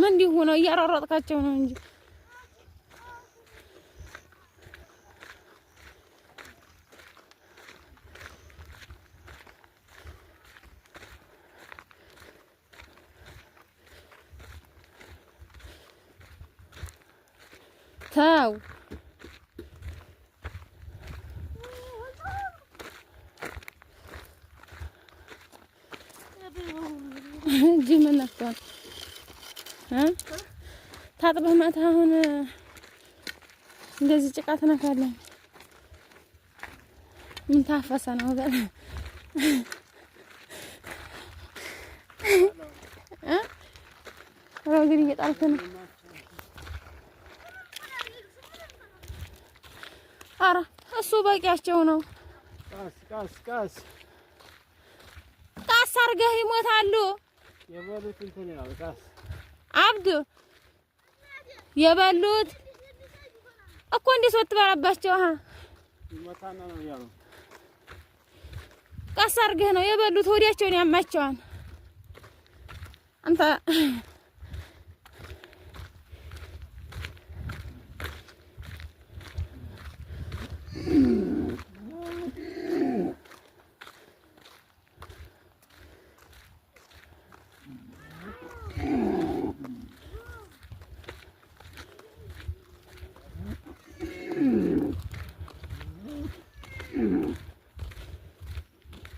ምን ሊሆነ እያሯሯጥካቸው ነው እንጂ ተው እንጂ ምን ነክቷል? ታጥበህ ማታ አሁን እንደዚህ ጭቃ ትነካለህ። ምን ታፈሰ ነው ገና ግን እየጣልክ ነው። ኧረ እሱ በቂያቸው ነው። ቃስ ቃስ አድርገህ ይሞታሉ። አብዱ የበሉት እኮ እንዴት ሰው ትበላባቸው? አሃ ቀስ አድርገህ ነው የበሉት። ሆዲያቸውን ያማቸዋል አንተ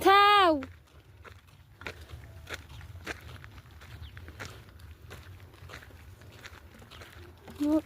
Cow. Look.